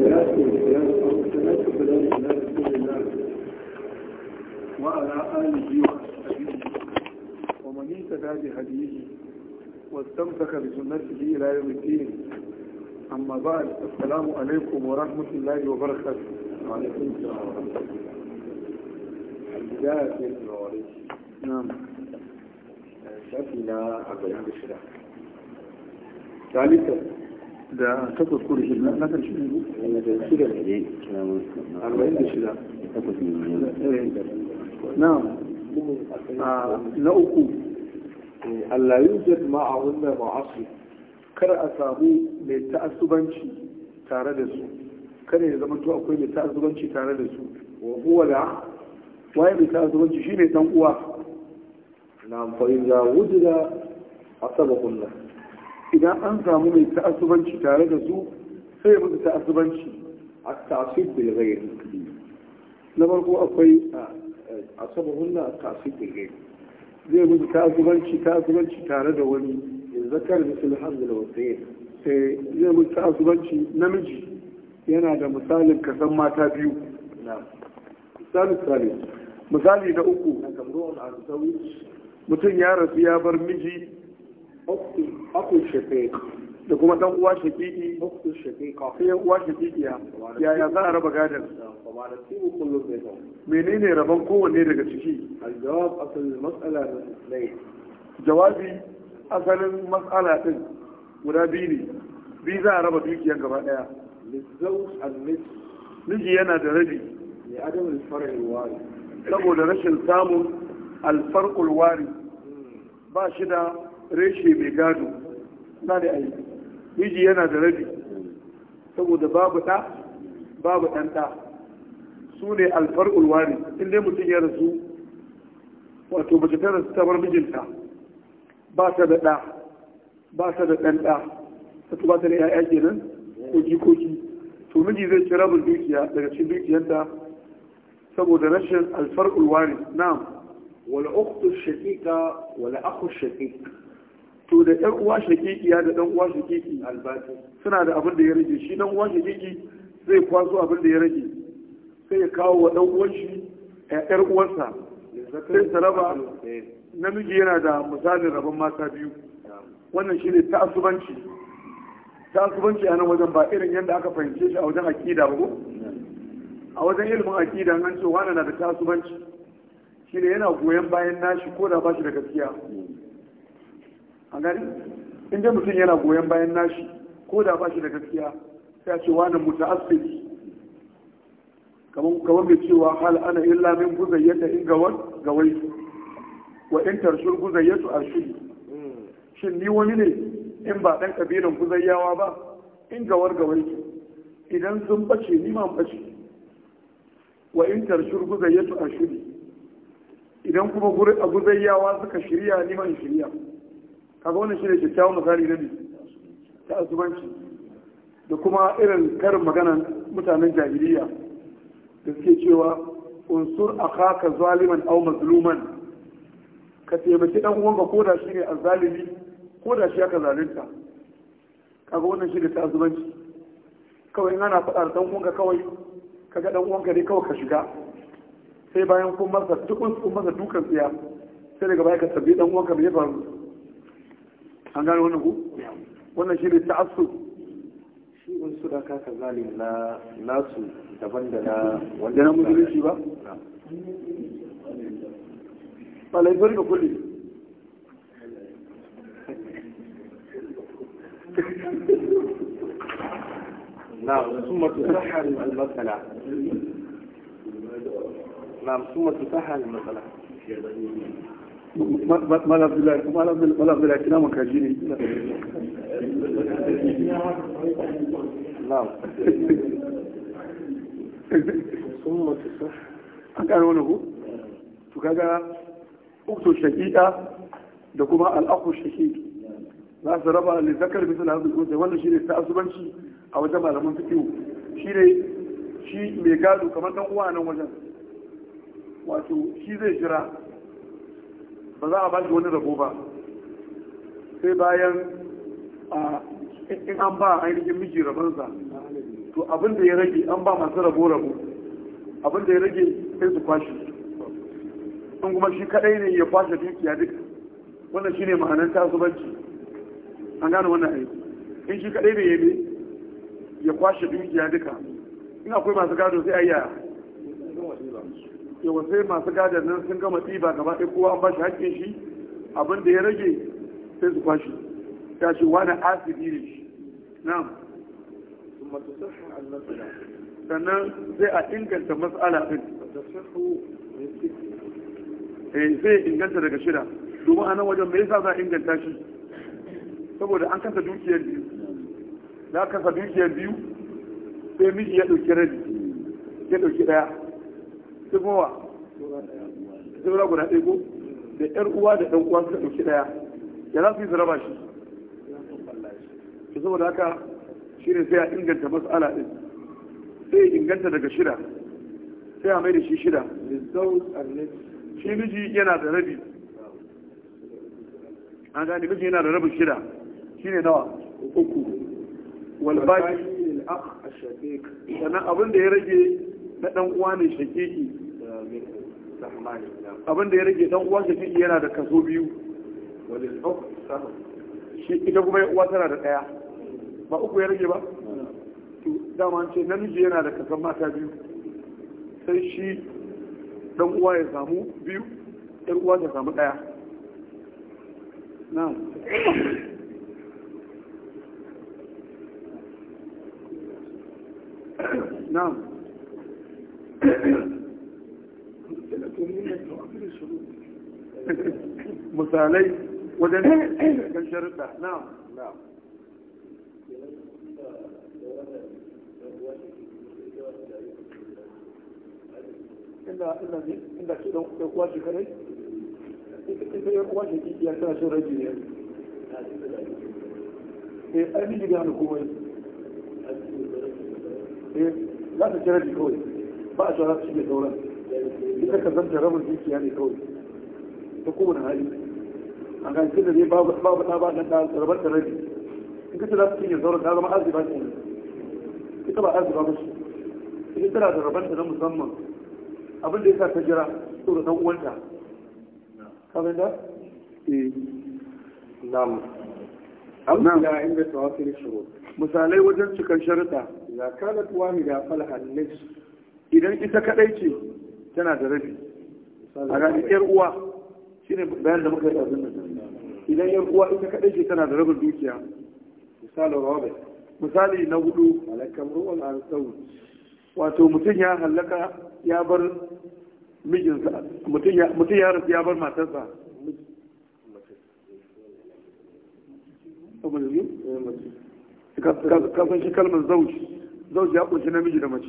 وعلى آله وأصحابه ومن اهتدى بهديه واستمسك بسنته إلى يوم الدين أما بعد السلام عليكم ورحمة الله وبركاته وعليكم السلام ورحمة الله نعم شافنا أبو الشرع ثالثا da takwas ko da shi na kan shi ne da shida ne arba'in da shida na na uku eh, Allah yujad ma'ahun da ma'asu kar a samu mai ta'assubanci tare da su kada ya zama to akwai mai ta'assubanci tare da su wa huwa da waye mai ta'assubanci shine dan uwa na fa wujida asaba kullahu idan an samu mai ta'asubanci tare da su sai musu ta'asubanci a tasir zai ghairi na farko akwai a saba hunna a tasir da ya zai musu ta'asubanci ta'asubanci tare da wani zakar misal da wasayyin sai zai musu ta'asubanci namiji yana da misalin kasan mata biyu misali tsari misali na uku mutum ya rasu ya bar miji shafiq da kuma ɗan uwa shafiqi akul shafiqa sai uwa ya za a raba gadon menene rabon kowanne daga ciki aljawab jawabi asalin mas'ala din guda biyu ne za a raba dukiyan gaba miji yana da rabi saboda rashin samun alfarkul wari hmm. ba shi da reshe mai gado na da aiki miji yana da rabi saboda babu ɗa babu ɗan ɗa su ne alfar ulwari inda mutum ya rasu wato mace ta rasu ta bar mijinta ba ta da ɗa ba ta da ɗan ɗa ta ba ta da 'ya'ya kenan ko jikoki to miji zai ci rabin dukiya daga cikin dukiyarta saboda rashin alfar ulwari na'am wal ukhtu shaqiqa wal akhu shaqiq to da ɗan uwa shakikiya da ɗan uwa shakiki albatu suna da abin da ya rage shi ɗan uwa shakiki zai kwaso abin da ya rage sai ya kawo wa ɗan uwan shi ƴar uwansa sai ta raba namiji yana da misalin rabon mata biyu wannan shi ne tasubanci tasubanci a nan wajen ba irin yadda aka fahimce shi a wajen akida ba ko a wajen ilimin akida an ce wani na da tasubanci shi ne yana goyon bayan nashi ko da ba shi da gaskiya a gani in mutum yana goyon bayan nashi ko da ba shi da gaskiya sai a ce wani muta'assiri kamar mai cewa hal ana illa min guzayyata in gawar gawai wa in tarshur guzayyatu arshuri shin ni wani ne in ba ɗan ƙabilan guzayyawa ba in gawar gawai idan sun bace ni ma bace wa in tarshur guzayyatu arshuri idan kuma a guzayyawa suka shirya ni ma shirya kaga wannan shine kyakkyawan misali na ta asubanci da kuma irin karin maganan mutanen jahiliya da suke cewa unsur akhaka zaliman aw mazluman ka taimaki dan uwanka ko da shi ne zalimi ko da shi aka zalunta kaga wannan shi ta asubanci kawai ana faɗa dan uwanka kawai kaga dan uwanka ne kawai ka shiga sai bayan kun masa dukun kun masa dukan tsiya sai daga baya ka tabbi dan uwanka bai faru an gano wani ku wannan shi ne ta'assub shi wani su daga ka zalim na nasu daban da na wanda na musulunci ba ba laifin da kudi na ثم تصحح المسألة نعم ثم تصحح المسألة malam bilaki na ne an wani ku? to kaga da kuma al'akku za su raba da zakar bisa wannan ta asubanci a wajen malaman fikiyu shi shi mai gado kamar dan uwa nan wajen wato shi zai jira ba za a ba shi wani rabo ba sai bayan in an ba ainihin miji rabansa to abin da ya rage an ba masu rabo rabo abin da ya rage sai su kwashe in kuma shi kadai ne ya kwashe dukiya duka wannan shine ma'anar tasubanci an gane wannan aiki in shi kadai ne ya ne ya kwashe dukiya duka in akwai masu gado sai a yi yawan sai masu gadar nan sun gama tsiba gaba ɗaya kowa an ba shi haƙƙin shi abin da ya rage sai su kwashi ya ce wani asibi ne shi na'am sannan sai a inganta matsala ɗin zai eh, inganta daga shida domin a nan wajen mai yasa za a inganta shi saboda an kasa dukiyar biyu da kasa dukiyar biyu sai miji ya ɗauki rabi ya ɗauki ɗaya sai kuma wa guda ɗaya ko da ƴar uwa da ɗan uwa suka ɗauki ɗaya ya za su yi su raba shi to saboda haka shi ne sai a inganta mas'ala ɗin sai inganta daga shida sai a mai da shi shida shi miji yana da rabi an gani miji yana da rabin shida shi ne nawa uku walbaki sannan abin da ya rage na dan uwa ne shakiki abin da ya rage dan uwa shakiki yana da kaso biyu shi ita kuma uwa tana da daya ba uku ya rage ba to dama ce namiji yana da kasan mata biyu sai shi dan uwa ya samu biyu ɗan uwa ta samu daya na'am نعم مصالي ودنا كان شرطه نعم نعم إلا إلا دي إلا كده يقواش كده إنت يقواش كده يعتنى شو رجل يعني إيه أبي جيبها نقوي إيه لا تجرد كويس بقى شهر في الدوران إذا كان زمت الرب الجيس يعني كوي تكون هاي أنا كنت لي بابا بابا بابا أنا ربطت الرجل إنك تلاس كيني الدورة هذا ما أزي بعد كوي إنك بقى أزي بابش إنك تلاس ربطت الرجل مصمم أبن ليسا تجرى تورة تولتا كمين ده؟ نعم أو نعم. إذا عند تواصل الشروط مثالي وجدت كان شرطة إذا كانت واحدة فلها النصف idan ita kadai ce tana da rabi a gani yar uwa shi ne bayan da muka yi abin nan idan yar uwa ita kadai ce tana da rabin dukiya misali robert misali na hudu malakam ruwan al wato mutum ya hallaka ya bar mijinsa mutum ya rasu ya bar matarsa kasan shi kalmar zauji zauji ya kunshi namiji da mace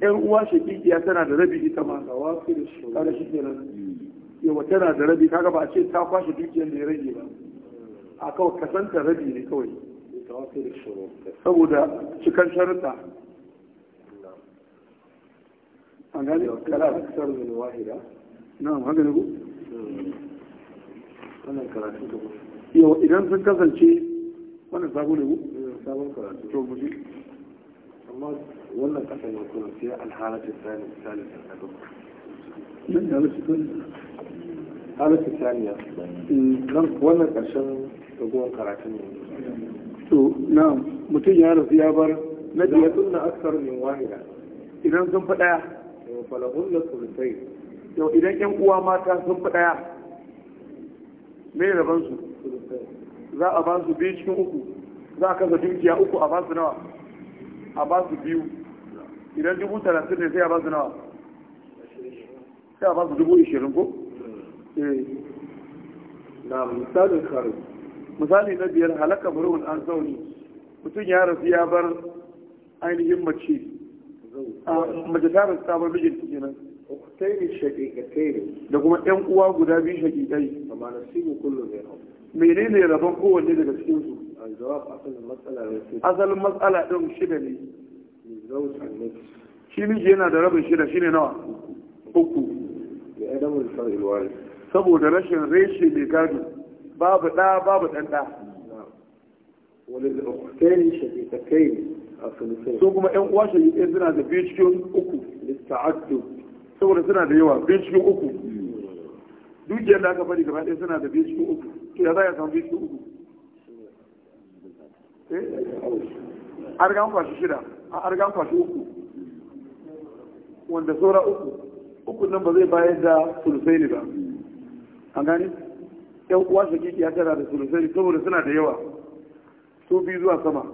yan uwa shakikiya tana da rabi ita ma ga wasu da kaga shi ke nan yawa tana da rabi kaga ba a ce ta kwashe dukiyar da ya rage ba a kawai kasanta rabi ne kawai saboda cikar sharuta an gane kala da kasar da wahida na'am haka ne ku wannan ku yau idan sun kasance wannan sabo ne ku eh, sabon karatu to mu amma wannan kasan na kuma sai alhalatin sani misali ta kaga nan da wasu kun halatin saniya mm. nan wannan karshen ragowar karatun ne to na mutum ya rasu ya bar na biyar sunna aksar min wahida idan sun fi daya falahun na sulusai yau idan yan uwa mata sun fi ɗaya. me rabansu za a ba su biyu cikin uku za a kasa dukiya uku a ba su nawa a ba su biyu idan dubu talatin ne sai a ba su nawa sai a ba su dubu ishirin ko eh. na misalin kare misali na biyar halakka murhun an zauni mutum ya rasu ya bar ainihin mace mace ta rasu ta bar mijinta kenan uktaini shaqiqataini da kuma ɗan uwa guda biyu shaqiqai amma nasibu kullu minhum menene rabon kowanne daga cikinsu? asalin matsala ɗin shida ne shi miji yana da rabin shida shi ne nawa uku saboda rashin reshe mai gado babu ɗa babu ɗan ɗa so kuma yan uwa shaƙiƙe suna da biyu cikin uku saboda suna da yawa biyu cikin uku hmm. duk yadda aka faɗi gaba ɗaya suna da biyu cikin uku to ya za a samu biyu cikin uku Eh, an riga an kwashi shida A riga an kwashi uku wanda saura uku uku nan ba zai bayar da sulusai ne ba an gani yan uwa shakiki ya tara da sulusai ne saboda suna da yawa su bi zuwa sama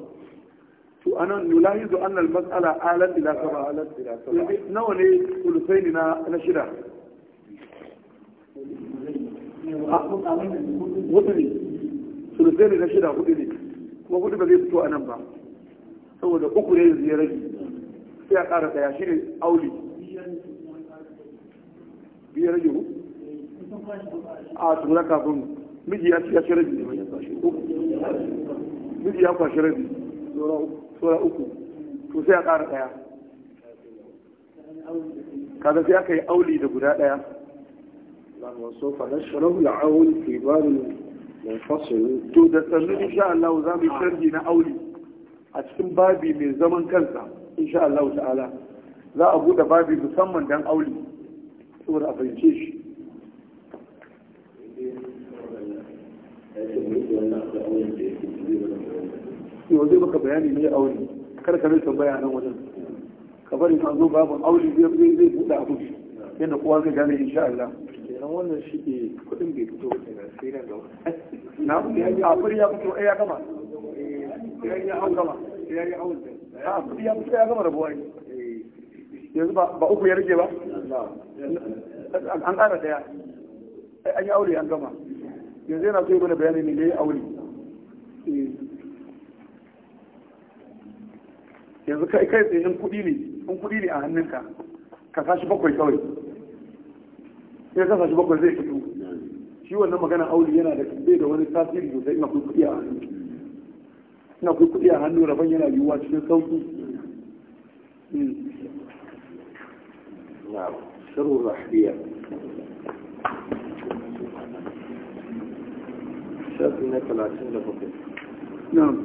to anan nulahizu anna al-mas'ala alat ila sama alat ila sama nawa ne sulusai ah, ne na shida hudu ne sulusai ne na shida hudu ne kuma hudu ba zai fito a nan ba saboda uku ne yanzu ya rage sai a ƙara daya shi ne auli biya rage ku a tumura kafin miji ya ci ya ci rabi miji ya kwashi rabi sora uku to sai a ƙara ɗaya kaga sai aka yi auli da guda ɗaya لا وسوف نشره العون في باب to da sannu insha Allah za mu tarji na aure a cikin babi mai zaman kansa insha Allah ta'ala za a bude babi musamman dan aure saboda a fahimce shi yau zai baka bayani ne aure kar ka rinka bayanan wajen ka bari ka zo babin aure zai zai bude abu yadda kowa zai gane insha Allah kenan wannan shi ke kudin bai fito na a kudi ya fito eh, ya eh, ya a kudi ah, ya fito ya gama rabuwa ne yanzu ba uku ya rage ba an ƙara daya an yi aure an gama yanzu yana so mana bayani ne da ya aure eh. yanzu kai kai tsaye in kudi ne in kudi ne a hannunka ka sashi bakwai kawai sai kasa shi bakwai zai fito shi wannan magana aure yana da bai da wani tasiri sosai ina kuɗi a hannu ina kuɗi a hannu rabon yana yiwuwa cikin sauki na'am sharru rahbiya shafi na talatin da bakwai na'am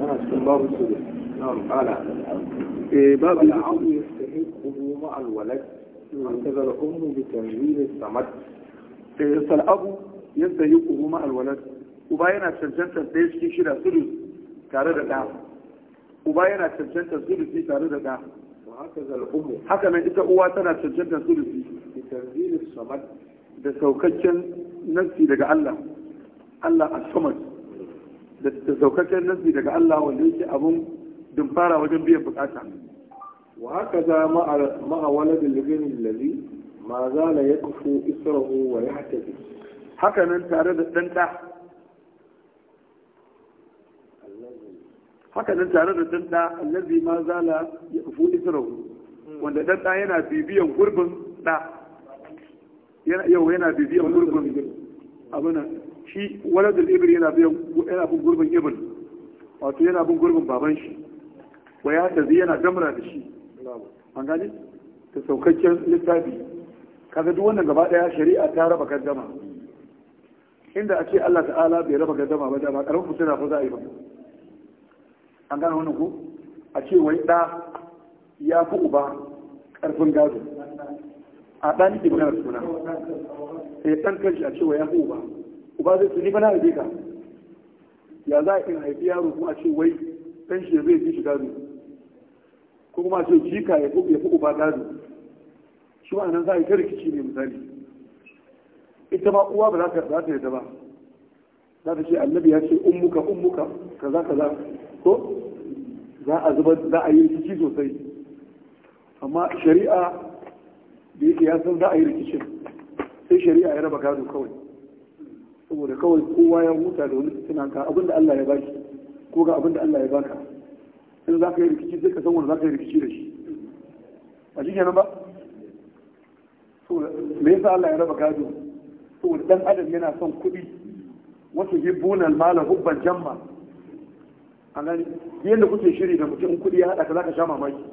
ana cikin babu su na'am ala eh babu al'amu yastahiqu ma al-walad وهكذا الأم بتنوين الصمد فالأب يستهيقه مع الولد وباينا ترجمة ديش كي شرع ثلث تارد دا وباينا ترجمة ثلث تارد دا وهكذا الأم حكما إذا أواتنا ترجمة ثلث بتنوين الصمد da saukakken nassi daga Allah Allah as-samad da saukakken nassi daga Allah wanda yake abun dumfara wajen biyan bukata وهكذا مع مع ولد الابن الذي ما زال يكفو إسره ويعتدي هكذا أنت أردت أنت haka nan tare da danta wanda danta yana bibiyan gurbin da yau yana bibiyan gurbin abin shi waladul ibr yana yana bin gurbin ibn wato yana bin gurbin baban shi wa ya yana da shi an gani ta saukakken littafi kaga duk wannan gaba daya shari'a ta raba gaddama inda ake Allah ta'ala bai raba gaddama ba da ba karamin fitina ko za a yi ba an gane wannan ku a ce wai da ya fi uba karfin gado a ɗan ke magana suna sai eh, ɗan kanshi a ce wai ya fi uba uba zai tuni bana haife ka ya za a iya haifi yaro ko a ce wai ɗan shi zai fi shi gado ko kuma ce jika ya fi uba gado shi ma nan za a yi ta rikici ne misali ita ma uwa ba za ta yadda ba za ta ce annabi ya ce ummuka ummuka kaza kaza ko za a zubar za a yi rikici sosai amma shari'a da yake ya san za a yi rikicin sai shari'a ya raba gado kawai saboda kawai kowa ya huta da wani suna ka abinda Allah ya baki ko ga abinda Allah ya baka in za ka yi rikici sai ka san wanda za ka yi rikici da shi ba shi kenan ba me yasa Allah ya raba gado saboda dan adam yana son kuɗi wasu hibbuna mala hubban jamma a gani yadda kuke shiri da mutum kuɗi ya haɗa ka za ka sha mamaki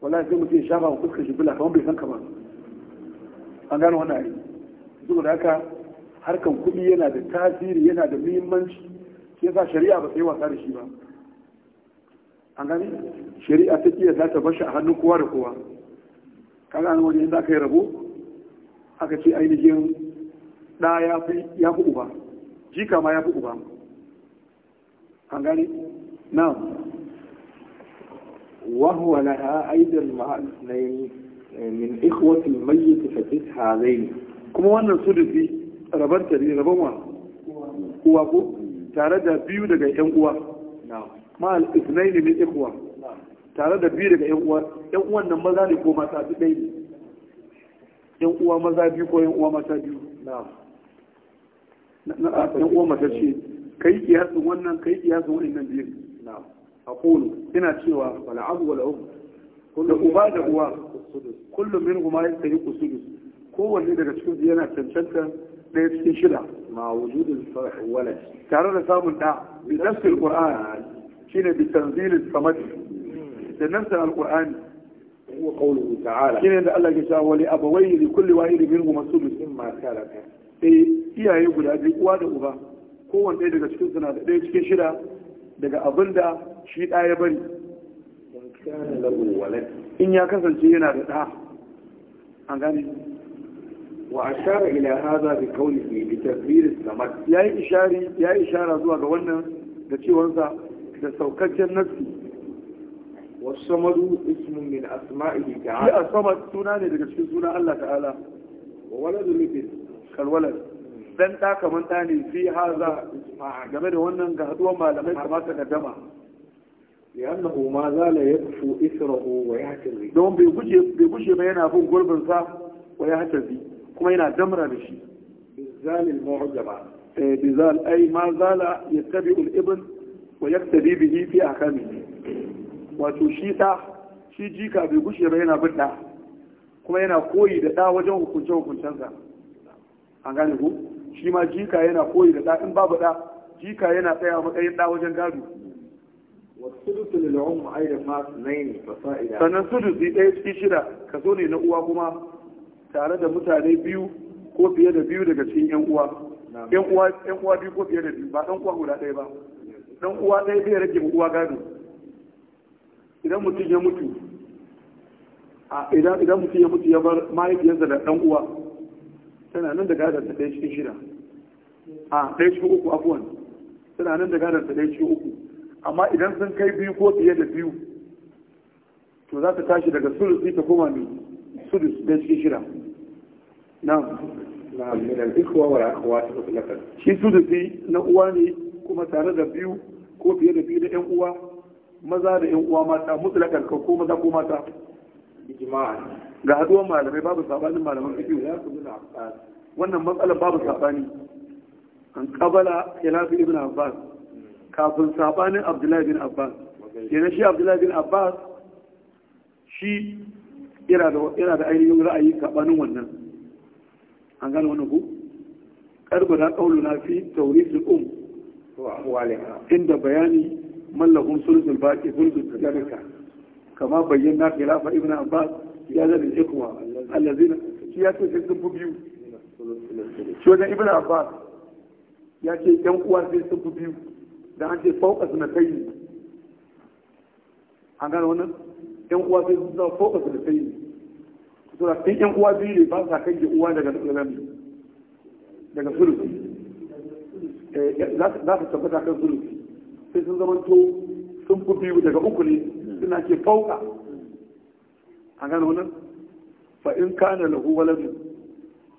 wallahi sai mutum ya shafa wa fuskar shi bila kamar bai san ka ba an gano wannan ayi saboda haka harkan kuɗi yana da tasiri yana da muhimmanci shi yasa shari'a ba sai wasa da shi ba an gani shari'a ta iya za ta bashi a hannun kowa da kowa kaga an wani za ka yi rabo aka ce ainihin ɗa ya fi uba jika ma ya fi uba an gani na wahuwa na aidar ma'anayin eh, min ikhwatil mayyit fa tishazain kuma wannan fi rabanta ne rabon wa kuwa ko tare da biyu daga yan uwa mal al ne min ikhwa tare da biyu daga yan uwa yan uwan nan maza ne ko mata su ɗaya ne yan uwa maza biyu ko yan uwa mata biyu na'am yan uwa mata ce kai kiyasin wannan kai kiyasin wannan biyu a kolo ina cewa wala abu wala uku kullu uba da uwa kullum min kuma ya tsaye kusudu kowanne daga cikin su yana cancanta ɗaya cikin shida ma wujudin walad tare da samun ɗa bi nafsil qur'an shine bi tanzilin samad da nafsin alqur'ani wa qawluhu ta'ala shine da Allah ya ce wa li abawayhi li kulli wahidin minhum masudus mimma taraka eh iyaye guda biyu uwa da uba kowanne ɗaya daga cikin suna da ɗaya cikin shida daga abin da shi ɗa ya bari in ya kasance yana da ɗa an gane wa ashara ila hadha bi qawlihi bi tadbir as-samad yayi ishari yayi ishara zuwa ga wannan da sa. da saukakken nassi wasamadu ismun min asma'ihi ta'ala ya sama suna ne daga cikin sunan Allah ta'ala wa waladu mithl kal dan da kaman da ne fi haza game da wannan ga haduwar malamai kamar ta gaddama لأنه ما زال يكفو إثره ويعتري دوم بيبجي بيبجي ما ينافون قرب صح ويعتري كما ينا دمر بشي بالزال المعجبة بزال أي ما زال يتبع الإبن wa yaktabi bihi fi akamihi wato shi ta shi jika bai gushe ba yana bin kuma yana koyi da da wajen hukunce sa an gane ku shi ma jika yana koyi da da in babu da jika yana tsaya matsayin da wajen gado sannan sudusi ɗaya cikin shida kaso ne na uwa kuma tare da mutane biyu ko fiye da biyu daga cikin yan uwa yan uwa biyu ko fiye da biyu ba ɗan uwa guda ɗaya ba dan uwa ɗaya zai rage uwa gado idan mutum ya mutu a idan mutum ya mutu ya bar mahaifiyarsa da dan uwa tana nan da gadar ta ɗaya cikin shida a ɗaya cikin uku abuwan tana nan da gadar ta ɗaya cikin uku amma idan sun kai biyu ko fiye da biyu to za ta tashi daga sulusi ta koma ne sulus ɗaya cikin shida na na min al-ikhwa wal akhawat mutlaqan shi sulusi na uwa ne kuma tare da biyu ko fiye da biyu da yan uwa maza da yan uwa mata mutlaka ka ko maza ko mata ga haduwar malamai babu sabanin malaman fiqh ya kullu abbas wannan matsalar babu sabani an qabala khilaf ibn abbas kafin sabanin abdullahi bin abbas yana shi abdullahi bin abbas shi yana da ainihin ra'ayi sabanin wannan an gane wannan ku da qauluna fi al-umm inda bayani mallahum sulusul baqi sulusul tadarika kama bayyana khilafa ibn abbas ya zada ikwa allazina shi ya ce sai sun biyu shi wajen ibn abbas ya ce yan uwa sai sun biyu da an ce fauka suna kai an gane wannan yan uwa sai sun zama fauka suna kai sura yan uwa biyu ne ba sa kai uwa daga daga sulusul Eh, za su tabbata kan zulufi sai sun zamanto sun fi biyu daga uku ne suna ce fauka a gano nan fa in kana lahu waladu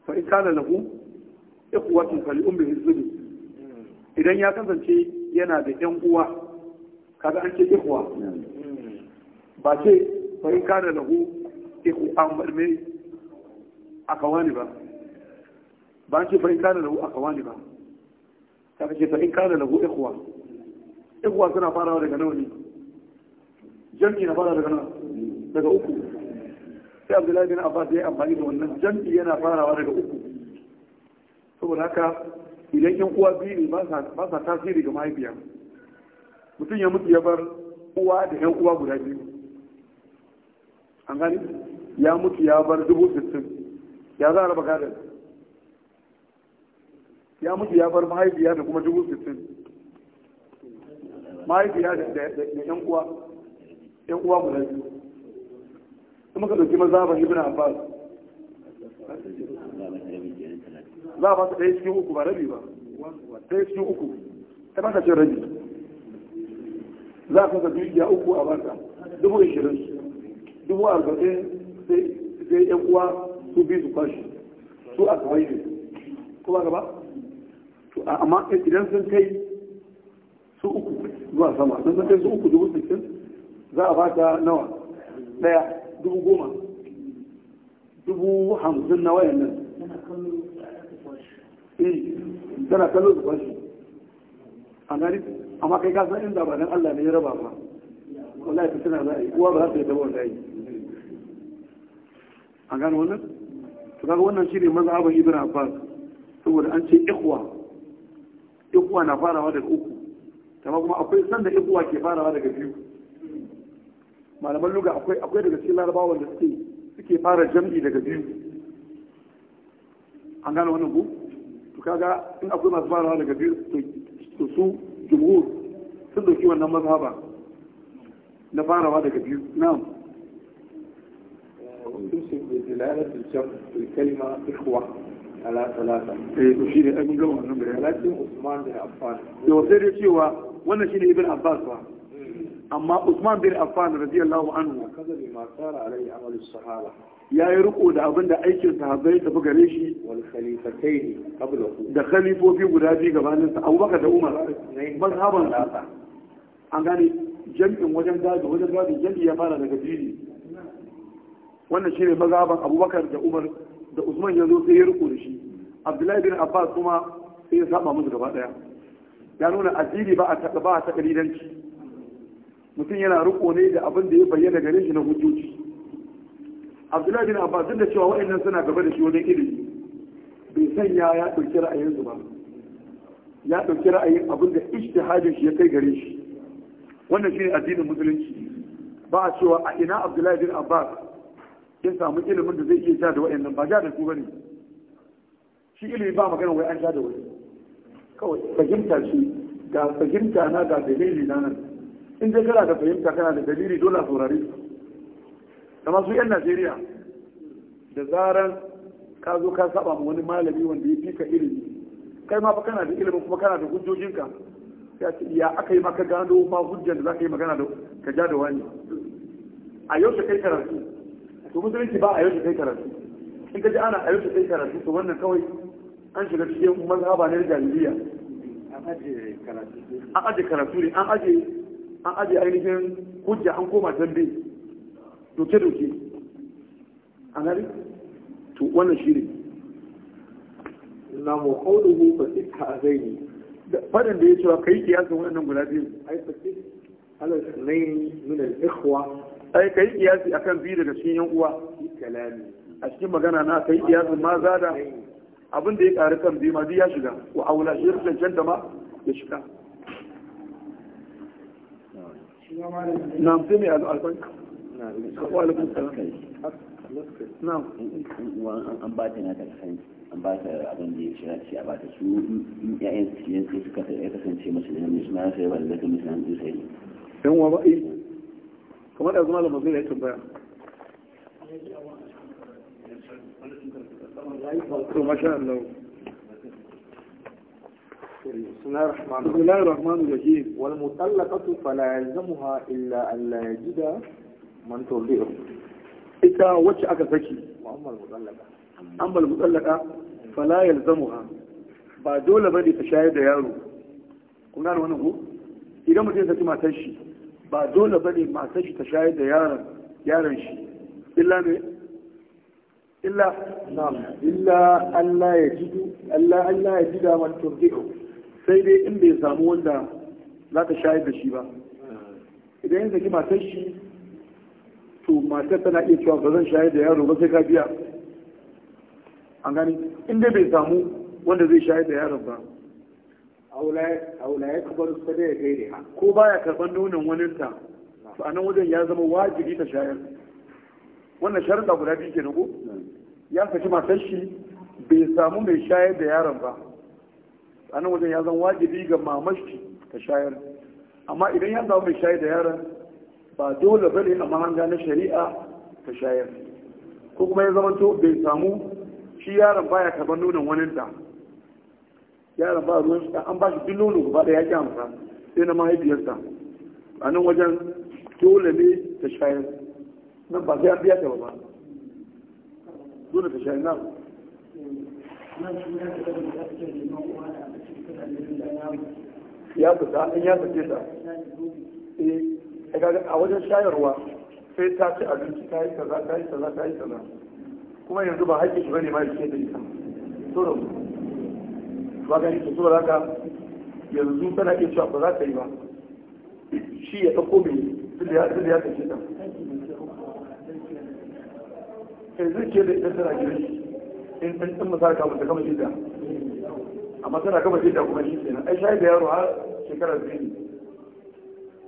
fa in kana lahu ikhwatu fali ummi hizbi idan ya kasance yana da yan uwa kaga an ce ikhwa ba ce fa in kana lahu ikhwan balme akawani ba ba ce fa in kana lahu akawani ba kafin ce fa in kana lahu ikhwa ikhwa suna farawa daga nawa ne jam'i na fara daga nawa daga uku sai abdullahi bin abbas ya amfani da wannan jam'i yana farawa daga uku saboda haka idan yan uwa biyu ne ba sa tasiri ga mahaifiya mutum ya mutu ya bar uwa da yan uwa guda biyu an gani ya mutu ya bar dubu sittin ya za a raba gadon ya mutu ya bar mahaifiya da kuma dubu sittin mahaifiya da yan uwa yan uwa guda biyu in muka ɗauki mazhaban ibn abbas za a ba ɗaya cikin uku ba rabi ba ɗaya cikin uku ta baka cin rabi za a kasa dukiya uku a baka dubu ishirin dubu arba'in sai yan uwa su biyu su kwashi su a kawai ne kuma gaba to amma idan sun kai su uku zuwa sama sun kai su uku dubu sittin za a baka nawa daya dubu goma dubu hamsin na wayan nan tana kallo da kwashi eh, a gani amma kai ka san inda ba dan Allah ne ya raba ba wallahi ta tana za a yi uwa ba za ta yi ta wanda yi a gano wannan to kaga wannan maza abin ibn abbas saboda an ce ikhwa ikuwa na farawa daga uku kama kuma akwai sanda ikuwa ke farawa daga biyu malaman luga akwai akwai daga cikin larabawa wanda suke suke fara jam'i daga biyu an gano wannan ku to kaga in akwai masu farawa daga biyu to su jumhur sun doki wannan mazhaba na farawa daga biyu na'am تمسك بدلالة الكلمة إخوة ala talata eh to ne ai gama wannan bayani lakin Usman bin Affan to sai dai cewa wannan shine Ibn Abbas ba amma Usman bin Affan radiyallahu anhu kaza bi ma sara alai amalu sahaba ya yi riko da abin da aikin sahabbai tafi gare shi wal khalifatain qablahu da khalifofi guda biyu gabanin sa Abubakar da Umar mazhaban an gane jami'in wajen gado wajen gado jami'i ya fara daga biyu wannan shine mazhaban Abubakar da Umar da usman ya zo sai ya riko da shi abdullahi bin abbas kuma sai ya saba musu gaba daya ya nuna addini ba a taka ba a mutum yana riko ne da abin da ya bayyana gare shi na hujjoji abdullahi bin abbas duk da cewa wa'annan suna gaba da shi wajen ilimi bai sanya ya ɗauki ra'ayinsu ba ya ɗauki ra'ayin abin da ijtihadin shi ya kai gare shi wannan shine addinin musulunci ba a cewa a ina abdullahi bin abbas ya samu ilimin da zai iya ja da wa'in ba ja da su bane shi ilimi ba magana wai an ja da wani kawai fahimta shi ga fahimta na ga dalili na nan in dai kana da fahimta kana da dalili dole a saurari kama su yan najeriya da zaran ka zo ka saba ma wani malami wanda ya fika ilimi kai ma fa kana da ilimin kuma kana da hujjojinka ya aka yi maka gano ma hujjan da za ka yi magana da ka ja da wani a yau ta kai karatu to musulunci ba a yau kai karatu in ka ji ana a yau kai karatu to wannan kawai an shiga cikin mazhaba na jahiliya an aje karatu ne an aje an aje ainihin hujja an koma dambe doke doke an gari to wannan shi ne na mu ka fa sikka azaini fadin da ya cewa kai kiyasin wannan guda biyu ai fa sikka ala sunayn min al ikhwa ai kai kiyasi akan biyu daga cikin yan uwa a cikin magana na kai kiyasi ma zada abin da ya karu kan biyu ma ya shiga wa aula shi rikin can ma ya shiga na sai mai alfan ba ta na an ba ta abin da ya shiga a ba ta su ya'yan su kasance masu da mai suna sai ba da zaka yan wa ba'i eh. kamar da zuma da mazina ya tambaya بسم الله الرحمن الرحيم والمطلقة فلا يلزمها إلا أن لا يجد من ترضيه إذا وجه أكثكي وأما المطلقة أما المطلقة فلا يلزمها ba dole ba ne ta shayar da yaro kun gane wannan ko idan saki ba dole ba ne masu shi ta shayar da yaron shi illa ne illa na'am illa Allah ya ji Allah Allah ya ji da man sai dai in bai samu wanda za ta shayar da shi ba idan yanzu ki masu shi to masu tana iya cewa ba zan shayar da yaro ba sai ka biya an gani in dai bai samu wanda zai shayar da yaron ba aula ya kabar sada ya gaire ha ko baya karban nonon waninta a nan wajen ya zama wajibi ta shayar wannan sharuɗa guda biyu ke ko ya saki matar shi bai samu mai shayar da yaron ba a nan wajen ya zama wajibi ga mamar shi ta shayar amma idan ya samu mai shayar da yaron ba dole ba ne a mahanga na shari'a ta shayar ko kuma ya zama to bai samu shi yaron baya karban nonon waninta yaron ba ruwan shi an ba shi duk gaba da ya amsa sai na mahaifiyarsa a nan wajen dole ne ta shayar nan ba sai an biya ta ba dole ta shayar na ya fita in ya fice ta eh, a wajen shayarwa sai ta ci abinci ta yi kaza ta yi kaza ta yi kaza kuma yanzu ba haƙƙi shi bane ma da ita ba gani ta zuwa haka yanzu tana ke cewa ba za ta yi ba shi ya ta ɗauko mai da ya ta ce eh, ta kai zai ce da ita tana gidan in ɗan ɗan masara kamar ta gama shida amma tana kama shida kuma shi kenan ai shayi da yaro har shekarar biyu ne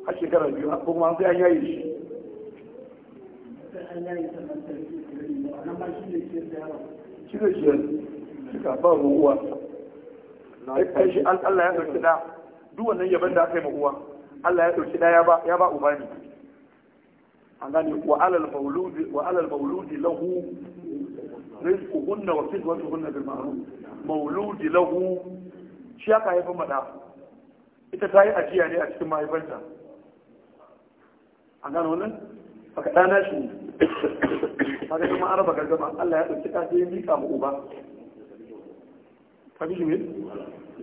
har shekara biyu ko kuma an sai an yaye shi shi zai shi ka ba ruwa kai shi Allah ya ɗauki ɗa duk wannan yaban da aka yi uwa Allah ya ɗauki ɗa ya ba uba ne an gane wa alal mauludi wa alal mauludi lahu rizquhunna wa kiswatuhunna bil ma'ruf mauludi lahu shi aka haifa mada ita ta yi ajiya ne a cikin mahaifarta an gane wannan baka ɗana shi ne kaga kuma araba gargaba Allah ya ɗauki ɗa sai ya miƙa ma uba kaji shi ne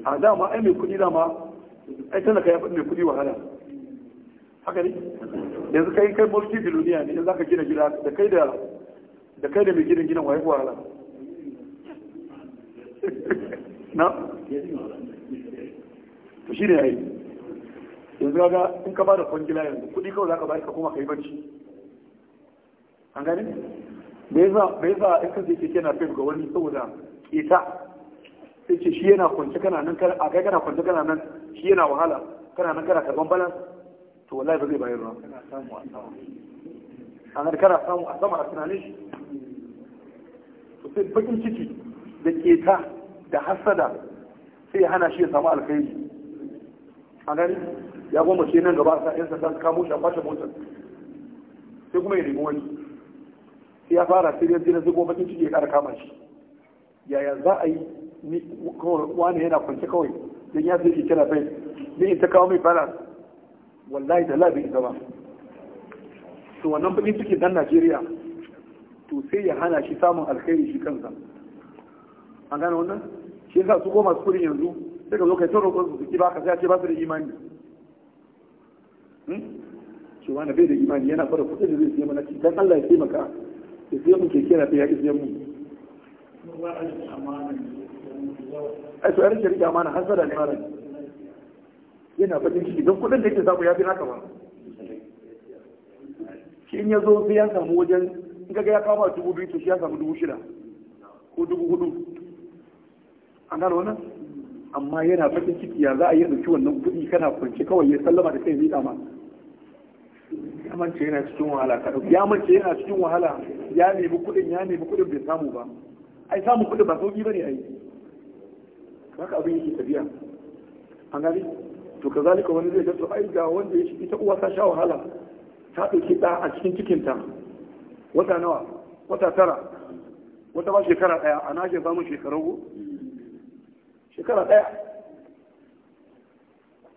a dama ai mai kudi dama ai talaka ya fi mai kudi wahala haka ne yanzu kai kai mulki duniya ne za ka gina gida da kai da da kai da mai gidan gidan waye wahala na to shi ne ya yi yanzu ga in ka ba da kwangila yanzu kuɗi kawai za ka bayar ka koma ka yi bacci an gani me yasa me yasa in ka je keke na fim ga wani saboda ita sai ce shi yana kwanci kana nan a kai kana kwance kana nan shi yana wahala kana nan kana karban balan to wallahi ba zai bayar ba kana samu a sama kana samu a sama a tunanin shi to sai bakin ciki da keta da hasada sai ya hana shi ya samu alkhairi a gani ya goma shi nan gaba sa yansa san kamo shi a kwashe motar sai kuma ya nemi wani sai ya fara sai ya zira zugo bakin ciki ya kara kama shi yaya za a yi wani yana kwance kawai don ya zai kira bai zai ta kawo mai balance wallahi da labin ita ba to wannan bakin cikin dan najeriya to sai ya hana shi samun alkhairi shi kansa an gane wannan shi yasa su goma su kudin yanzu sai ka zo kai tun roƙon su suke ka sai ce ba su da imani hmm? shi wani bai da imani yana fara kudin da zai siya mana dan Allah ya taimaka ya siya mu keke na ya siya mun. ai to yarinke rike amana hasada ne malam yana bakin ciki don kudin da yake samu ya fi naka ba shi in ya zo sai ya samu wajen in kaga ya kama dubu biyu to shi ya samu dubu shida ko dubu hudu an gano wannan amma yana bakin ciki ya za a yi ɗauki wannan kuɗi kana kwance kawai ya sallama da kai zai dama ya mance yana cikin wahala ka ɗauki ya mance yana cikin wahala ya nemi kuɗin ya nemi kuɗin bai samu ba ai samun kuɗin ba sauki bane ai haka abin yake tafiya an gani to ka zalika wani zai gasu ai ga wanda ya ita uwa ta sha wahala ta ɗauki ɗa a cikin cikinta wata nawa wata tara wata ba shekara ɗaya a na ke samun go shekara ɗaya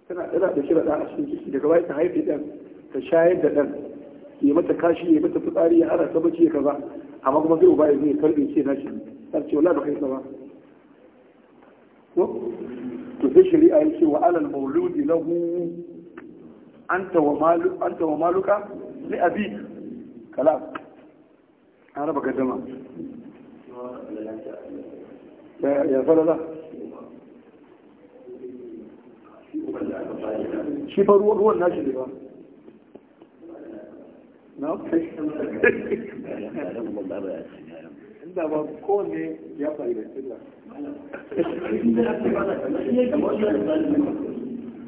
tana ɗana da shira ɗa a cikin ciki daga bayan ta haifi ɗan ta shayar da ɗan ya mata kashi ya mata fitsari ya hana ta bace kaza amma kuma zai uba ya zai karɓe ce na shi ta ce wala da kai ba ko to sai shari'a ya ce wa alal mauludi lahu anta wa malu maluka li abik kalam an raba gaddama ya falala shi fa ruwan nashi ne ba na inda ba kowane ya fa'idantin lafi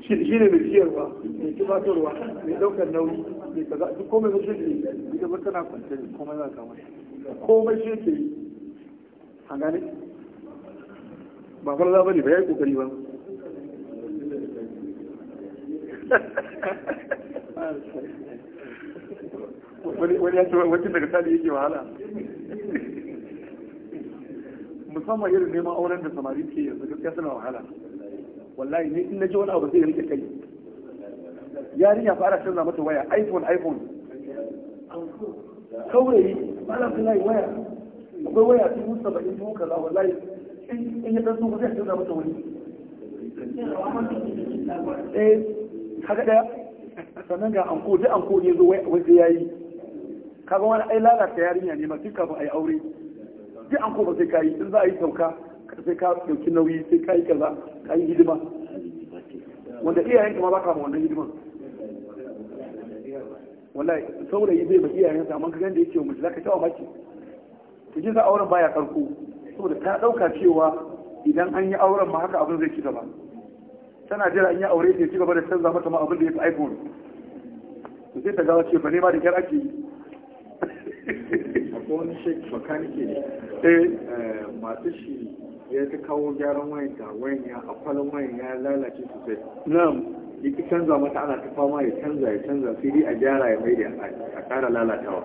shi ne mai ciyarwa mai tubatarwa mai daukar nauyi mai kaza duk komai ba shi ne ita tana komai za ka mai komai a gane ba ba ne ba ya yi kokari ba wani ya ce wani daga yake wahala musamman irin neman auren da samari ke yanzu gaskiya suna wahala wallahi ni in naji wani abu zai rike kai yarinya fara canza mata waya iphone iphone ala ana layi waya akwai waya ba saba'in dubu za wallahi in ya ɗan tsoka zai canza mata wani eh kaga daya sannan ga anko duk anko ne zo wai sai yayi kaga wani ai lalata yarinya ne ma duka ba ai aure duk an koma sai kayi in za a yi sauka sai ka dauki nauyi sai kayi kaza kayi hidima wanda iyayen ma baka ma wannan hidiman wallahi saurayi zai ba iyayen sa amma ka ganda yake wa mace zaka tawa maki to kin sa auren baya karko saboda ta dauka cewa idan an yi auren ma haka abin zai ci gaba tana jira an yi aure sai ci gaba da canza mata ma abin da ya fi iphone to sai ta gawa ce ba ne ma da kyar ake yi wani shek makanike ne eh. eh, masu shi ya ta kawo gyaran wayan ta wayan ya akwalin wayan ya lalace sosai na'am ya canza mata ana ta fama ya canza ya canza sai dai a gyara ya maida a kara lalatawa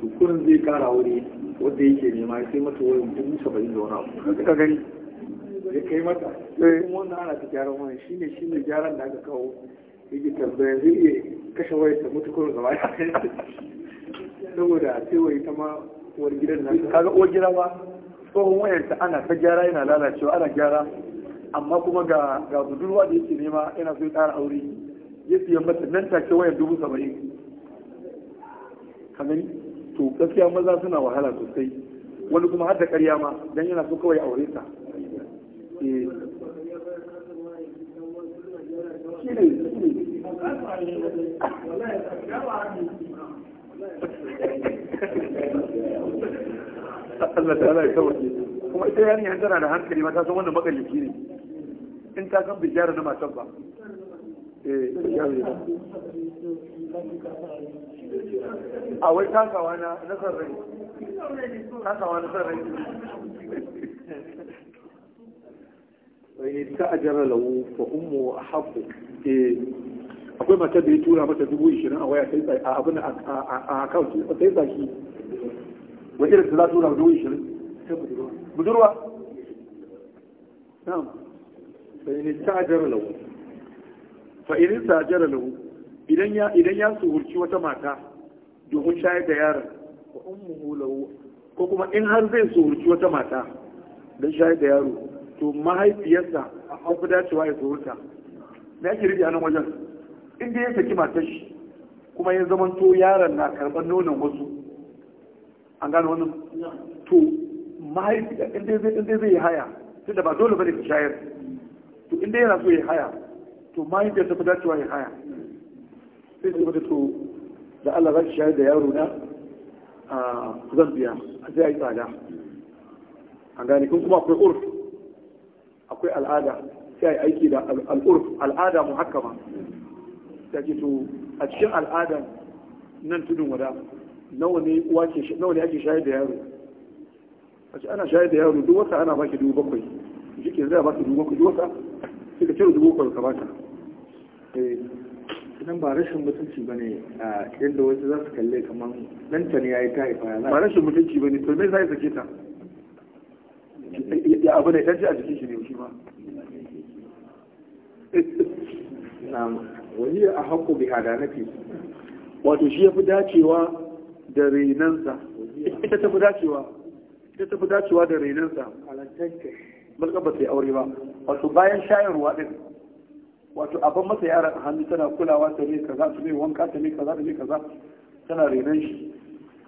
tukurin zai kara wuri wanda yake nema sai mata wayan dubu saba'in da wani abu ka gani ya kai mata eh. kuma wannan ana ta gyaran wayan shine shine gyaran da aka kawo yake tambaya zai iya kashe wayar ta mutu kurin gaba saboda cewa ita ma uwar gidan nan kaga uwar gida ba tsohon wayarta ana ta gyara yana lalacewa ana gyara amma kuma ga ga budurwa da yake nema yana so ya ƙara aure ya siya mata nan take wayar dubu saba'in kamar to gaskiya maza suna wahala sosai wani kuma har da ƙarya ma dan yana so kawai aure ta eh. shi ne Allah ta Allah ya kuma ita yarinya tana da hankali mata san wannan makallici ne in ta san bishara na matan ba eh a wai kasawa na nasar rai na nasar rai ta ajara lahu fa ummu eh akwai matar da ya tura mata dubu ishirin a waya sai a abin a account sai tsaki wa irin da za tura dubu ishirin budurwa na'am fa in ta'jara lahu fa in idan ya idan suhurci wata mata domin shayar da yaron wa ummuhu lahu ko kuma in har zai suhurci wata mata don shayar da yaro to mahaifiyarsa a hafi dacewa ya suhurta me ake rubi nan wajen inda ya saki matar shi kuma ya to yaron na karɓar nonon wasu an gano wannan to mahaifiya inda zai yi haya sai da ba dole bane ka shayar to inda yana so ya haya to mahaifiyar ta fi dacewa ya haya sai su mata to da Allah za shi shayar da yaro na a zan biya a sai a yi tsada an gane kun kuma akwai urf akwai al'ada sai a yi aiki da al'urf al'ada muhakkama ta ce to a cikin al'ada nan tudun wada nawa ne ake shayar da yaro a ce ana shayar da yaro duk wata ana baki dubu bakwai shi ke zai baki dubu bakwai duk wata sai ka cire dubu bakwai ka baka eh, nan ba rashin mutunci ba ne a yadda wasu za su kalle kamar nan ta ne ya yi ta haifa ba rashin mutunci ba ne to me za ya sake ta ya abu ne ya ji a jikin shi ne shi wani a haƙo bi hadanati wato shi ya fi dacewa da renansa ita ta fi dacewa ita ta fi dacewa da renansa balka ba sai aure ba wato bayan shayarwa din wato abin masa yara a hannu tana kulawa ta ne kaza ta ne wanka ta ne kaza ta ne kaza tana renan shi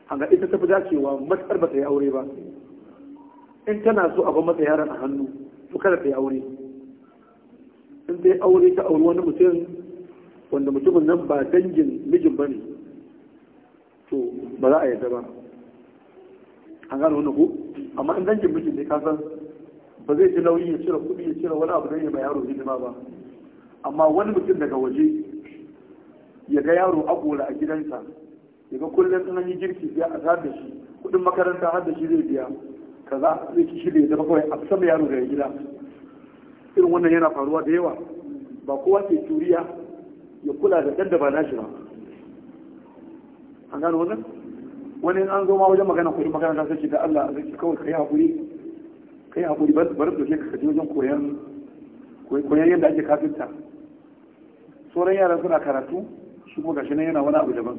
hanga ita ta fi dacewa matsar ba ta yi aure ba in tana so abin masa yaran a hannu to kada ta yi aure in ta yi aure ta auri wani mutum wanda mutumin nan ba dangin mijin ba ne to ba za a yadda ba an gano wani ku amma in dangin mijin ne ka san ba zai ji nauyi ya cire kuɗi ya cire wani abu dangin ba yaro hidima ba amma wani mutum daga waje ya ga yaro agora a gidansa ya ga kullum in an yi girki sai a da shi kuɗin makaranta har da shi zai biya kaza zai ci shi da ya zama kawai a sama yaro daga gida irin wannan yana faruwa da yawa ba kowa ke turiya ya kula da ɗan da ba nashi ba an gano wannan wani an zo ma wajen magana kuɗi magana ta sace da Allah zai ce kawai kai haƙuri kai hakuri ba bar da ka kaje wajen koyan koyan yadda ake kafinta sauran yaran suna karatu shi kuma gashi nan yana wani abu daban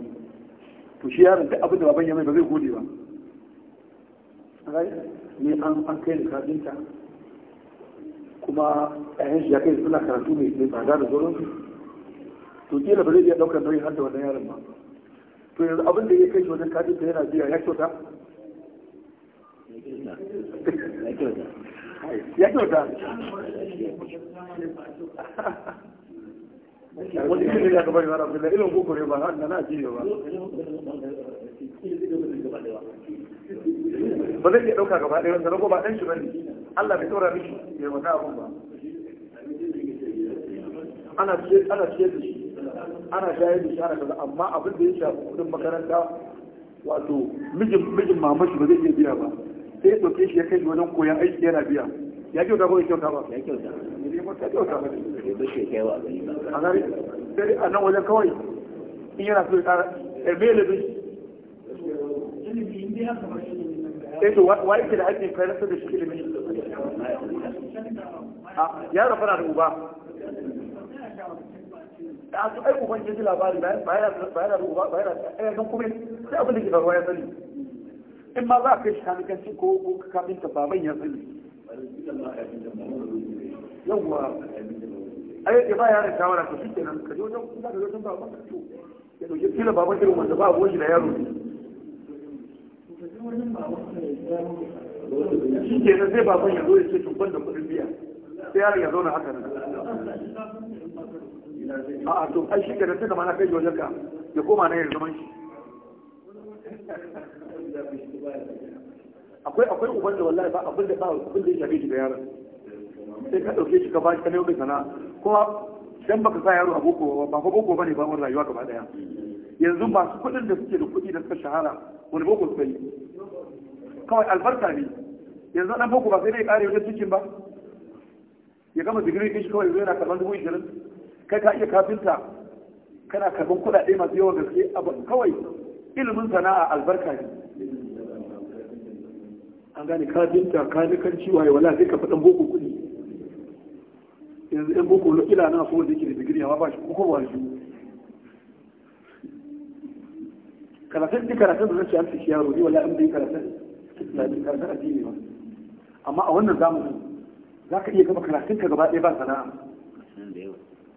to shi yaran da abin da baban ya mai ba zai gode ba ne an kai da kafinta kuma ɗayan shi ya kai suna karatu mai tsada da sauransu to kila ba zai iya ɗaukar nauyin har da wannan yaron ba to yanzu abin da ya kai shi wajen kajin da yana biya ya kyauta ya kyauta wani ilimin ya gaba yana rabu da ilimin koko ne ba har na ajiye ba ba zai iya ɗauka gaba ɗaya wanda na ba ɗan shi bane Allah bai ɗora mishi ya wata abun ba ana ciyar da shi ana shayar da shara kaza amma abin da ya shafi kudin makaranta wato mijin mijin shi ba zai iya biya ba sai ya dauke shi ya kai wajen koyan aiki yana biya ya kyauta ba ya kyauta ba ya kyauta ya kyauta ba a gari sai a nan wajen kawai in yana so ya kara ebe lebin eh to wa da aikin kai na da shi ilimi a fara ah, da uba da an ai uban ya labari bayan bayan bayan ruwa bayan ai dan kuma sai abin da ke faruwa ya sani in ma za ka shi kanikanci ko ko ka kafin ta baban ya sani yawwa ai ya ba yaron shawara ka shi kenan ka je wajen kuma da wajen baban ka to ya dauki kila baban irin wanda ba ruwan da yaro shi kenan sai baban ya zo ya ce tubban da kudin biya sai yaron ya zauna haka nan a'a to ai shi da suka mana kai wajen ka ya koma na yanzu man shi akwai akwai uban da wallahi ba abin da ba abin da ya shafe shi da yaron sai ka dauke shi ka ba shi ka nemi sana'a kuma dan baka sa yaro a boko ba ko boko bane ba mun rayuwa gaba daya yanzu masu kuɗin da suke da kuɗi da suka shahara wani boko suka yi kawai albarka ne yanzu dan boko ba sai dai ya kare wajen cikin ba ya gama digiri ɗin shi kawai zai na karɓar dubu ishirin kai ka iya kafinta kana karban kuɗaɗe masu yawan gaske kawai ilimin sana'a albarka ne an gane kafinta kan ciwa ya wala zai ka faɗin boko kuɗi yanzu yan boko na ila na so da yake da digiri amma ba shi ba shi karatun ɗin karatun da zai an shi yaro ne wala an bai karatun islami karatun addini ba amma a wannan zamanin za ka iya kafa karatun ka gaba ɗaya ba sana'a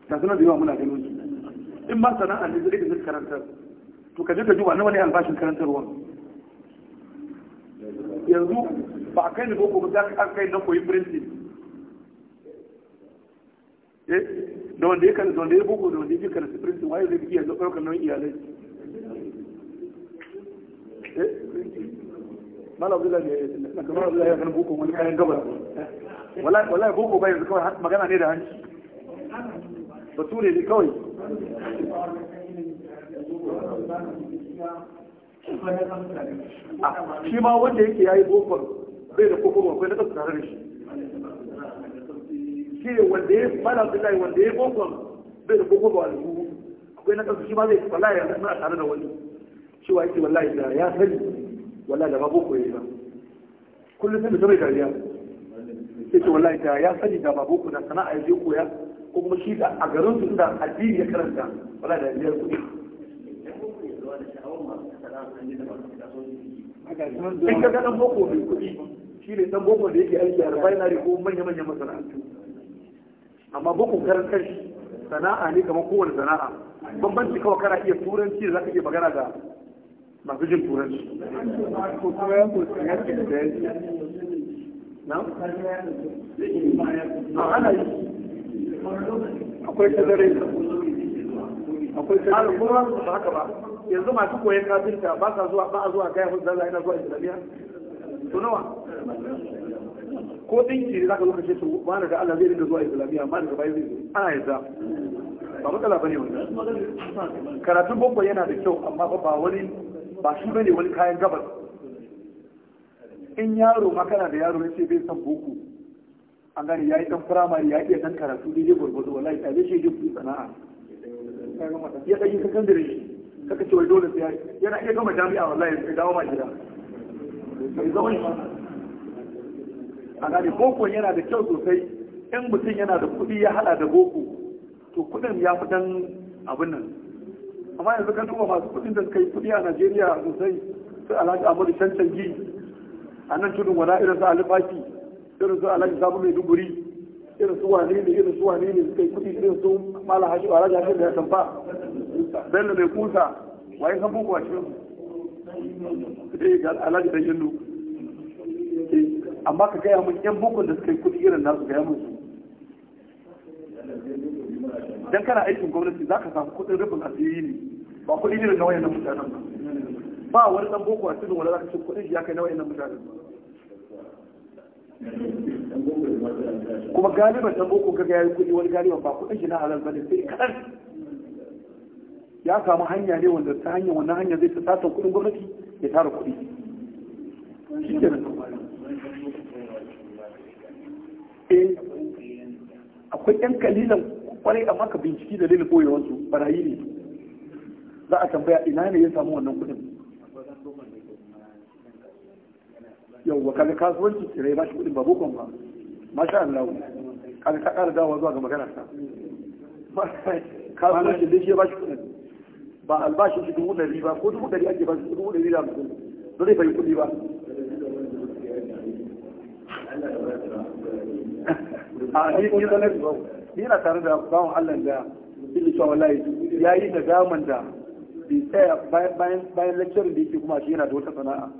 da suna da yawa muna ganin su in ma sana'a ne zai da karantar to ka je ka duba nawa ne albashin karantarwa yanzu ba a kai ni boko ba za ka an kai na koyi printing eh da wanda ya kan da wanda ya boko da wanda ya kan su printing waye zai iya ɗaukar nauyin iyalai eh mala abdullahi ne na kamar abdullahi ya kan boko wani kayan gabas wallahi boko bai yanzu kawai magana ne da hanci bature ne kawai ah, shi ma wanda yake yayi bokon bai da kofar akwai na kasu tare da shi shi ne wanda ya mala bilai wanda ya bokon bai da kofar ba alhu akwai na kasu shi ma zai wallahi ya na tare da wani Shi cewa yake wallahi da ya sani wallahi da ba boko yayi ba kullum sai da dariya sai ce wallahi da ya sani da ba boko na sana'a ya je koya kuma shi da a garin su da addini ya karanta wala da biyar kuɗi in ka ga dan boko mai kuɗi shi ne dan boko da yake aiki a refinery ko manya-manyan masana'antu amma boko karan kashi sana'a ne kamar kowane sana'a bambanci kawai kana iya turanci da za ka iya magana da masu jin turanci na ana yi akwai tazare akwai tazare kuma su ba haka ba yanzu masu koyon kafinta ba sa zuwa ba a zuwa kai mun zalla ina zuwa islamiyya to nawa ko dinki za ka lokace su ba da Allah zai rinda zuwa islamiya amma daga baya zai ana yadda ba matsala bane wannan karatun boko yana da kyau amma ba wani ba shi bane wani kayan gabas in yaro makana da yaro ne ce bai san boko an gani ya yi ɗan firamare ya yi ɗan karatu daidai gwargwado wallahi ta zai shi duk sana'a ya ɗan yi da shi kaka ce wai dole sai yana iya gama jami'a wala ya dawo ma gida bai zama shi a gani boko yana da kyau sosai in mutum yana da kuɗi ya hada da boko to kuɗin ya fi dan abin nan amma yanzu kan tuba masu kuɗin da suka yi kuɗi a najeriya sosai sai alhaji amadu cancan gi a nan tudun wala irin su alifaki irin su alhaji sabu mai duburi irin su wane ne irin su wane ne suka yi kudi irin su mala hashi alhaji hashi da ya tamfa bello mai kusa waye san boko a cikin eh ga alhaji da yallo eh, amma ka gaya mun yan bokon da suka yi kudi irin nasu gaya mun su dan kana aikin gwamnati za ka samu kudin rubin asiri ne ba kudi irin na wayannan mutanen ba ba wani dan boko a cikin wanda za ka ci kudin shi ya kai na wayannan mutanen ba kuma galiban dan boko ga yayi kudi wani galiban ba kudin shi na halal bane sai kadan ya samu hanya ne wanda ta hanyar wannan hanya zai ta tasa kudin gwamnati ya tara kudi eh, akwai yan kalilan kwarai amma ka binciki dalilin koyewarsu barayi ne za a tambaya ina ne ya samu wannan kudin yawwa kan kasuwanci tsirai ba shi kudin ba bukon ba masha Allah kaga ka ƙara dawa zuwa ga magana ta kasuwanci da shi ba shi kudin ba albashin shi dubu ɗari ba ko dubu ɗari ake ba shi dubu ɗari da mutum ba zai bai kudi ba a ni sanar da ni na tare da bawon Allah da ilmi cewa wallahi yayi da zaman da bai tsaya bayan bayan lecture da yake kuma shi yana da wata sana'a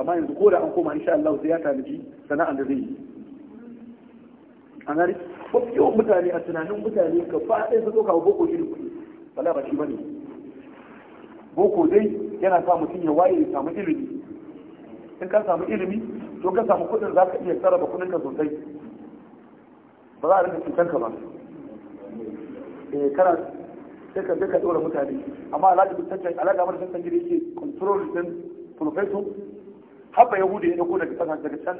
amma yanzu ko da an koma insha Allah sai ya tanaji sana'an da zai yi an gani ko yawan mutane a tunanin mutane ka fa sai su ɗauka boko shi da kuɗi wala ba shi ba ne boko dai yana sa mutum ya waye ya samu ilimi in ka samu ilimi to ka samu kuɗin za ka iya sarrafa kudin ka sosai ba za a rinka cutar ka ba eh kana sai ka ga ka ɗora mutane amma alaƙa mutum alaƙa mutum san gidi yake control din professor haɓa yahudu ya ɗauko daga can daga can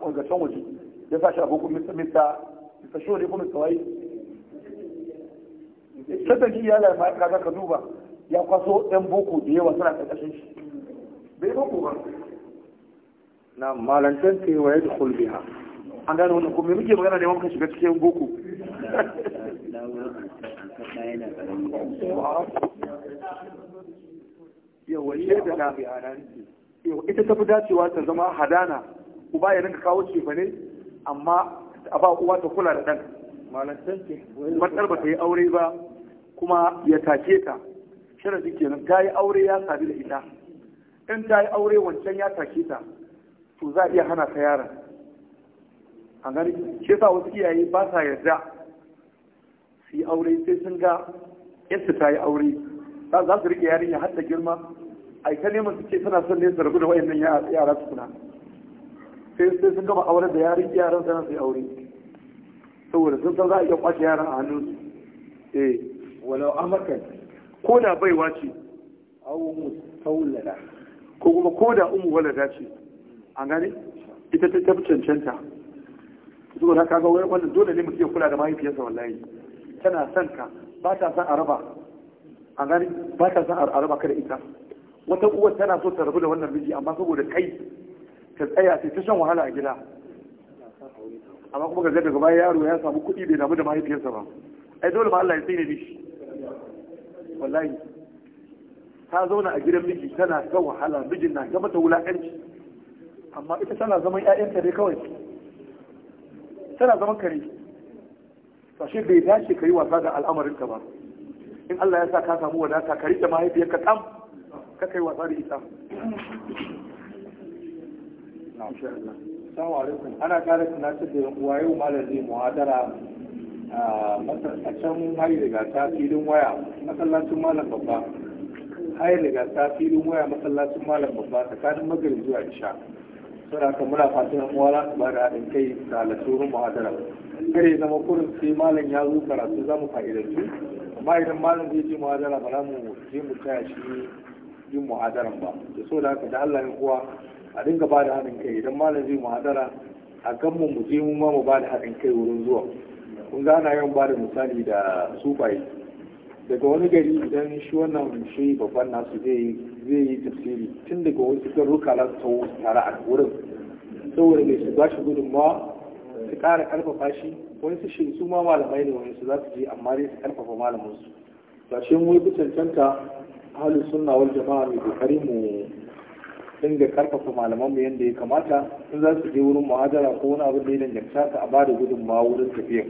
daga can waje ya sa shi abokin mista mista mista shi wani kuma tsawai sassan shi ya lalata ka za ka duba ya kwaso ɗan boko da yawa suna ƙarƙashin shi bai boko ba na malantan ta yi wa yadda ha? an gane wannan kuma muke magana ne muka shiga cikin boko yawa shaidana ita ta fi dacewa ta zama hadana uba ya ninka kawo ce bane amma a ba uwa ta kula da ɗan matsar ba ta yi aure ba kuma ya take ta sharadi kenan ta yi aure ya sadu da ita in ta yi aure wancan ya take ta to za a iya hana ta yaron a gani shi sa wasu iyaye ba sa yarda su yi aure sai sun ga yadda ta yi aure za su riƙe yarinya har ta girma ai ta neman suke suna son ne su rabu da wayannan yara tukuna sai sai sun gama aure da yaran yaran sana su aure saboda sun san za a iya kwace yaran a hannun su eh walau amakan ko da baiwa ce aw mustawlada ko kuma ko da umu walada ce an gane ita ta tafi cancanta saboda haka ga wannan dole ne mutum ya kula da mahaifiyarsa wallahi tana son ka ba ta son a raba a gani ba ta son a raba ka da ita wata uwar tana so ta rabu da wannan miji amma saboda kai ta tsaya sai ta shan wahala a gida amma kuma ga daga baya yaro ya samu kuɗi bai damu da mahaifiyarsa ba ai dole ma Allah ya tsine mishi wallahi ta zauna a gidan miji tana ta wahala mijin na ga mata wulaƙanci amma ita tana zaman ƴaƴanta ne kawai tana zaman kare sashe bai dace ka yi wasa da al'amarinka ba in Allah ya sa ka samu wadata ka riƙe mahaifiyarka tam kakai wasa da ita Assalamu alaikum ana kara tunatar da uwa yau malam zai muhadara a can hayi daga ta filin waya masallacin malam babba hayi daga ta filin waya masallacin malam babba tsakanin magrib zuwa isha saboda haka muna fatan uwa za su ba haɗin kai da alasurin muhadara kare zama kurin sai malam ya zo karatu za mu fa'idantu amma idan malam zai je muhadara ba za mu je mu taya shi yin muhadaran ba da so da haka da Allah ya kuwa a dinga ba da haɗin kai idan malam zai muhadara a ganmu mu je mu ma mu ba da haɗin kai wurin zuwa kun ga ana yawan ba da misali da sufai daga wani gari idan shi wannan shi babban nasu zai yi tafsiri tun daga wasu garuka za su tare a wurin saboda mai su gudun gudunmawa su ƙara ƙarfafa shi wani su su ma malamai ne wani su za su je amma dai su ƙarfafa malamansu su ba shi mu yi cancanta halin suna wal jama'a mai kokari mu dinga karfafa malaman mu yadda ya kamata in za su je wurin muhadara ko wani abin da ya danganta ta a bada gudun ma wurin tafiya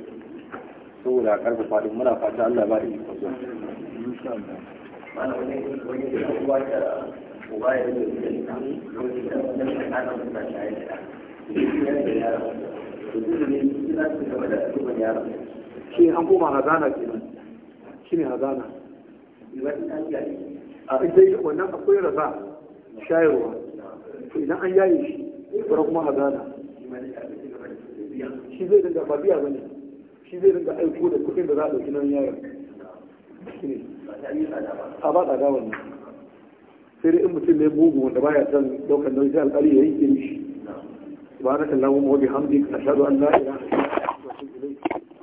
saboda a karfafa din muna fata Allah ba da ikon zuwa shi an koma hazana kenan shi ne hazana a idai wannan akwai raza shayarwa to idan an yaye shi sauran kuma hazana shi zai dinga ba biya bane shi zai dinga aiko da kuɗin da za a ɗauki nan yaron a ba tsada wannan sai dai in mutum ne mugu wanda baya son ɗaukar nauyi sai alƙali ya yi shi subhanakallahumma wa bihamdika ashhadu an la ilaha illa anta astaghfiruka wa atubu ilayk